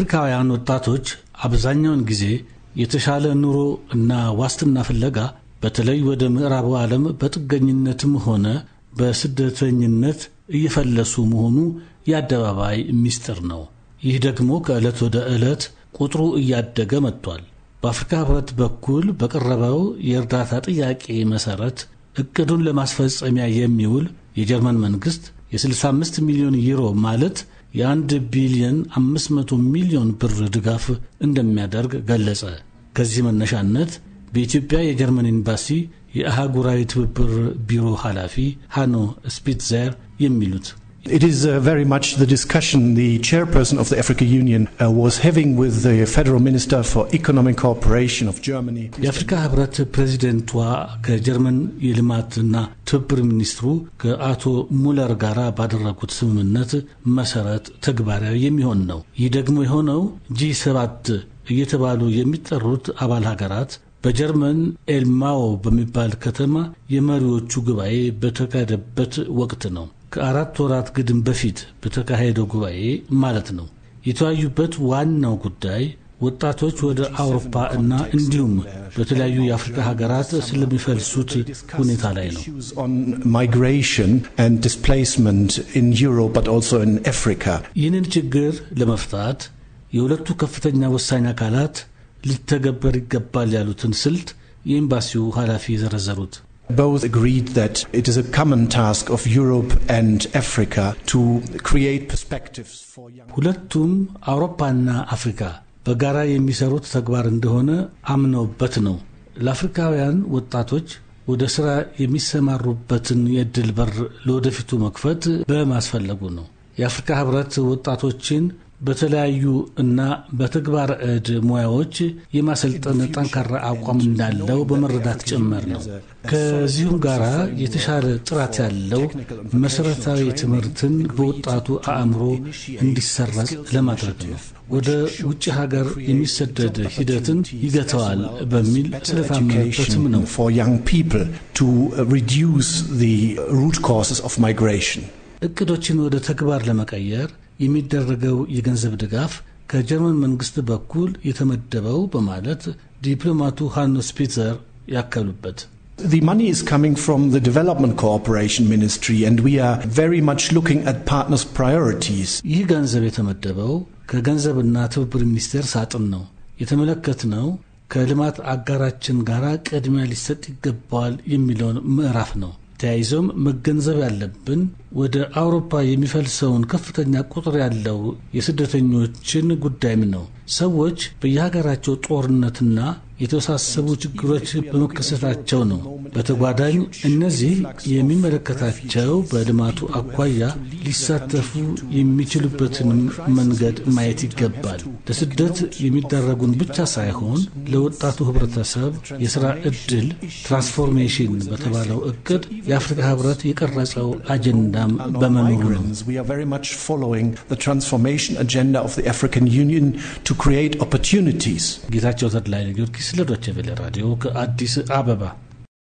አፍሪካውያን ወጣቶች አብዛኛውን ጊዜ የተሻለ ኑሮ እና ዋስትና ፍለጋ በተለይ ወደ ምዕራቡ ዓለም በጥገኝነትም ሆነ በስደተኝነት እየፈለሱ መሆኑ የአደባባይ ምስጢር ነው። ይህ ደግሞ ከዕለት ወደ ዕለት ቁጥሩ እያደገ መጥቷል። በአፍሪካ ሕብረት በኩል በቀረበው የእርዳታ ጥያቄ መሠረት እቅዱን ለማስፈጸሚያ የሚውል የጀርመን መንግሥት የ65 ሚሊዮን ዩሮ ማለት የአንድ ቢሊዮን 500 ሚሊዮን ብር ድጋፍ እንደሚያደርግ ገለጸ። ከዚህ መነሻነት በኢትዮጵያ የጀርመን ኤምባሲ የአህጉራዊ ትብብር ቢሮ ኃላፊ ሃኖ ስፒትዘር የሚሉት It is uh, very much the discussion the chairperson of the Africa Union uh, was having with the Federal Minister for Economic Cooperation of Germany. የአፍሪካ ህብረት ፕሬዚደንቷ ከጀርመን የልማትና ትብብር ሚኒስትሩ ከአቶ ሙለር ጋር ባደረጉት ስምምነት መሰረት ተግባራዊ የሚሆን ነው። ይህ ደግሞ የሆነው ጂ ሰባት እየተባሉ የሚጠሩት አባል ሀገራት በጀርመን ኤልማዎ በሚባል ከተማ የመሪዎቹ ጉባኤ በተካሄደበት ወቅት ነው። ከአራት ወራት ግድም በፊት በተካሄደው ጉባኤ ማለት ነው። የተወያዩበት ዋናው ጉዳይ ወጣቶች ወደ አውሮፓ እና እንዲሁም በተለያዩ የአፍሪካ ሀገራት ስለሚፈልሱት ሁኔታ ላይ ነው። ይህንን ችግር ለመፍታት የሁለቱ ከፍተኛ ወሳኝ አካላት ሊተገበር ይገባል ያሉትን ስልት የኤምባሲው ኃላፊ የዘረዘሩት Both agreed that it is a common task of Europe and Africa to create perspectives for young ሁለቱም አውሮፓና አፍሪካ በጋራ የሚሰሩት ተግባር እንደሆነ አምነውበት ነው። ለአፍሪካውያን ወጣቶች ወደ ስራ የሚሰማሩበትን የእድል በር ለወደፊቱ መክፈት በማስፈለጉ ነው። የአፍሪካ ህብረት ወጣቶችን በተለያዩ እና በተግባር እድ ሙያዎች የማሰልጠን ጠንካራ አቋም እንዳለው በመረዳት ጭምር ነው። uh, ከዚሁም ጋር የተሻለ ጥራት ያለው መሰረታዊ ትምህርትን በወጣቱ አእምሮ እንዲሰረጽ ለማድረግ ነው። ወደ ውጭ ሀገር የሚሰደድ ሂደትን ይገተዋል በሚል ስለታመንበትም ነው። uh, እቅዶችን ወደ ተግባር ለመቀየር የሚደረገው የገንዘብ ድጋፍ ከጀርመን መንግስት በኩል የተመደበው በማለት ዲፕሎማቱ ሃንስ ፒተር ያከሉበት The money is coming from the Development Cooperation Ministry and we are very much looking at partners' priorities. ይህ ገንዘብ የተመደበው ከገንዘብና ትብብር ሚኒስቴር ሳጥን ነው። የተመለከትነው ከልማት አጋራችን ጋር ቅድሚያ ሊሰጥ ይገባዋል የሚለውን ምዕራፍ ነው። ተያይዘውም መገንዘብ ያለብን ወደ አውሮፓ የሚፈልሰውን ከፍተኛ ቁጥር ያለው የስደተኞችን ጉዳይም ነው። ሰዎች በየሀገራቸው ጦርነትና የተወሳሰቡ ችግሮች በመከሰታቸው ነው። በተጓዳኝ እነዚህ የሚመለከታቸው በልማቱ አኳያ ሊሳተፉ የሚችሉበትንም መንገድ ማየት ይገባል። ለስደት የሚደረጉን ብቻ ሳይሆን ለወጣቱ ህብረተሰብ የስራ እድል ትራንስፎርሜሽን በተባለው እቅድ የአፍሪካ ህብረት የቀረጸው አጀንዳም በመኖሩ ነው። ጌታቸው ተድላይ ጊዮርጊስ ለዶቼ ቬለ ራዲዮ ከአዲስ አበባ